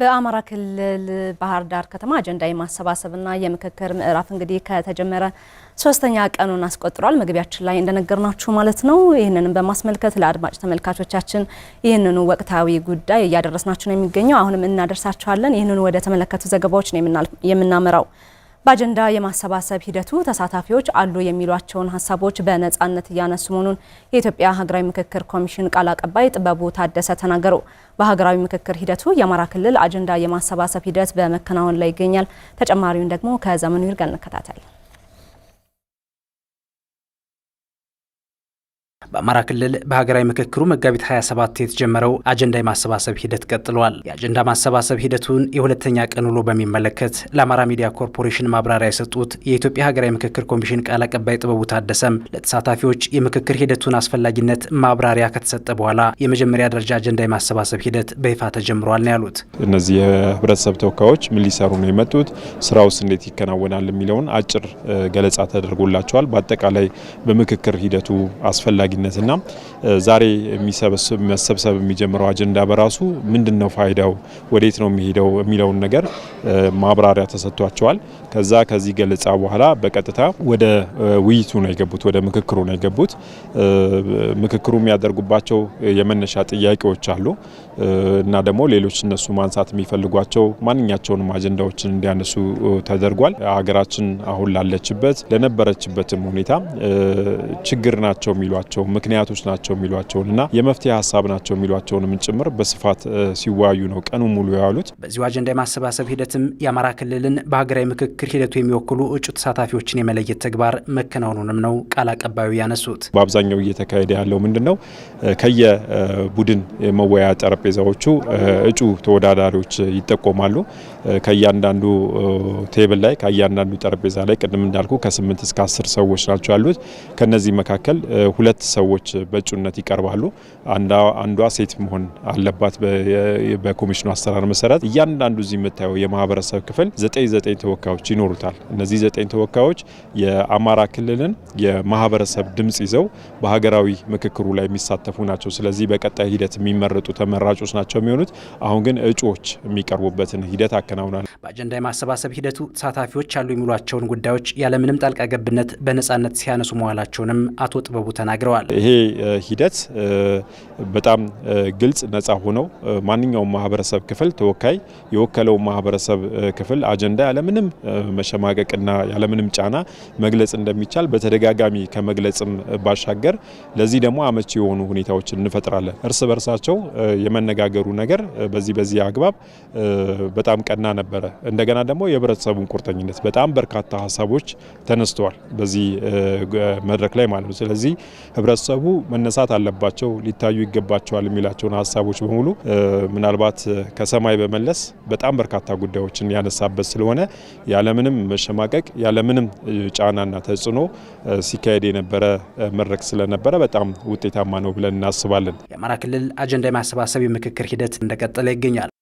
በአማራ ክልል ባህር ዳር ከተማ አጀንዳ የማሰባሰብና የምክክር ምዕራፍ እንግዲህ ከተጀመረ ሶስተኛ ቀኑን አስቆጥሯል። መግቢያችን ላይ እንደነገርናችሁ ማለት ነው። ይህንንም በማስመልከት ለአድማጭ ተመልካቾቻችን ይህንኑ ወቅታዊ ጉዳይ እያደረስናችሁ ነው የሚገኘው። አሁንም እናደርሳችኋለን። ይህንኑ ወደ ተመለከቱ ዘገባዎች ነው የምናመራው። በአጀንዳ የማሰባሰብ ሂደቱ ተሳታፊዎች አሉ የሚሏቸውን ሀሳቦች በነጻነት እያነሱ መሆኑን የኢትዮጵያ ሀገራዊ ምክክር ኮሚሽን ቃል አቀባይ ጥበቡ ታደሰ ተናገሩ። በሀገራዊ ምክክር ሂደቱ የአማራ ክልል አጀንዳ የማሰባሰብ ሂደት በመከናወን ላይ ይገኛል። ተጨማሪውን ደግሞ ከዘመኑ ይርጋ እንከታተል። በአማራ ክልል በሀገራዊ ምክክሩ መጋቢት 27 የተጀመረው አጀንዳ የማሰባሰብ ሂደት ቀጥሏል። የአጀንዳ ማሰባሰብ ሂደቱን የሁለተኛ ቀን ውሎ በሚመለከት ለአማራ ሚዲያ ኮርፖሬሽን ማብራሪያ የሰጡት የኢትዮጵያ ሀገራዊ ምክክር ኮሚሽን ቃል አቀባይ ጥበቡ ታደሰም ለተሳታፊዎች የምክክር ሂደቱን አስፈላጊነት ማብራሪያ ከተሰጠ በኋላ የመጀመሪያ ደረጃ አጀንዳ የማሰባሰብ ሂደት በይፋ ተጀምሯል ነው ያሉት። እነዚህ የህብረተሰብ ተወካዮች ምን ሊሰሩ ነው የመጡት፣ ስራው ውስጥ እንዴት ይከናወናል የሚለውን አጭር ገለጻ ተደርጎላቸዋል። በአጠቃላይ በምክክር ሂደቱ አስፈላጊ አስፈላጊነትና ዛሬ መሰብሰብ የሚጀምረው አጀንዳ በራሱ ምንድን ነው ፋይዳው፣ ወዴት ነው የሚሄደው የሚለውን ነገር ማብራሪያ ተሰጥቷቸዋል። ከዛ ከዚህ ገለጻ በኋላ በቀጥታ ወደ ውይይቱ ነው የገቡት፣ ወደ ምክክሩ ነው የገቡት። ምክክሩ የሚያደርጉባቸው የመነሻ ጥያቄዎች አሉ እና ደግሞ ሌሎች እነሱ ማንሳት የሚፈልጓቸው ማንኛቸውንም አጀንዳዎችን እንዲያነሱ ተደርጓል። ሀገራችን አሁን ላለችበት ለነበረችበትም ሁኔታ ችግር ናቸው የሚሏቸው ምክንያቶች ናቸው የሚሏቸውን እና የመፍትሄ ሀሳብ ናቸው የሚሏቸውንም ጭምር በስፋት ሲወያዩ ነው ቀኑ ሙሉ ያሉት። በዚሁ አጀንዳ የማሰባሰብ ሂደትም የአማራ ክልልን በሀገራዊ ምክክር ሂደቱ የሚወክሉ እጩ ተሳታፊዎችን የመለየት ተግባር መከናወኑንም ነው ቃል አቀባዩ ያነሱት። በአብዛኛው እየተካሄደ ያለው ምንድን ነው ከየቡድን የመወያያ ጠረጴዛዎቹ እጩ ተወዳዳሪዎች ይጠቆማሉ። ከእያንዳንዱ ቴብል ላይ ከእያንዳንዱ ጠረጴዛ ላይ ቅድም እንዳልኩ ከስምንት እስከ አስር ሰዎች ናቸው ያሉት። ከነዚህ መካከል ሁለት ሰዎች በእጩነት ይቀርባሉ። አንዷ ሴት መሆን አለባት። በኮሚሽኑ አሰራር መሰረት እያንዳንዱ እዚህ የምታየው የማህበረሰብ ክፍል ዘጠኝ ዘጠኝ ተወካዮች ይኖሩታል። እነዚህ ዘጠኝ ተወካዮች የአማራ ክልልን የማህበረሰብ ድምፅ ይዘው በሀገራዊ ምክክሩ ላይ የሚሳተፉ ናቸው። ስለዚህ በቀጣይ ሂደት የሚመረጡ ተመራጮች ናቸው የሚሆኑት። አሁን ግን እጩዎች የሚቀርቡበትን ሂደት አከናውናል። በአጀንዳ የማሰባሰብ ሂደቱ ተሳታፊዎች ያሉ የሚሏቸውን ጉዳዮች ያለምንም ጣልቃ ገብነት በነጻነት ሲያነሱ መዋላቸውንም አቶ ጥበቡ ተናግረዋል። ይሄ ሂደት በጣም ግልጽ ነጻ ሆነው ማንኛውም ማህበረሰብ ክፍል ተወካይ የወከለው ማህበረሰብ ክፍል አጀንዳ ያለምንም መሸማቀቅና ያለምንም ጫና መግለጽ እንደሚቻል በተደጋጋሚ ከመግለጽም ባሻገር ለዚህ ደግሞ አመቺ የሆኑ ሁኔታዎችን እንፈጥራለን። እርስ በርሳቸው የመነጋገሩ ነገር በዚህ በዚህ አግባብ በጣም ቀና ነበረ። እንደገና ደግሞ የህብረተሰቡን ቁርጠኝነት በጣም በርካታ ሀሳቦች ተነስተዋል በዚህ መድረክ ላይ ማለት ነው። ስለዚህ ካሰቡ መነሳት አለባቸው፣ ሊታዩ ይገባቸዋል የሚላቸውን ሀሳቦች በሙሉ ምናልባት ከሰማይ በመለስ በጣም በርካታ ጉዳዮችን ያነሳበት ስለሆነ ያለምንም መሸማቀቅ ያለምንም ጫናና ተጽዕኖ ሲካሄድ የነበረ መድረክ ስለነበረ በጣም ውጤታማ ነው ብለን እናስባለን። የአማራ ክልል አጀንዳ የማሰባሰብ የምክክር ሂደት እንደቀጠለ ይገኛል።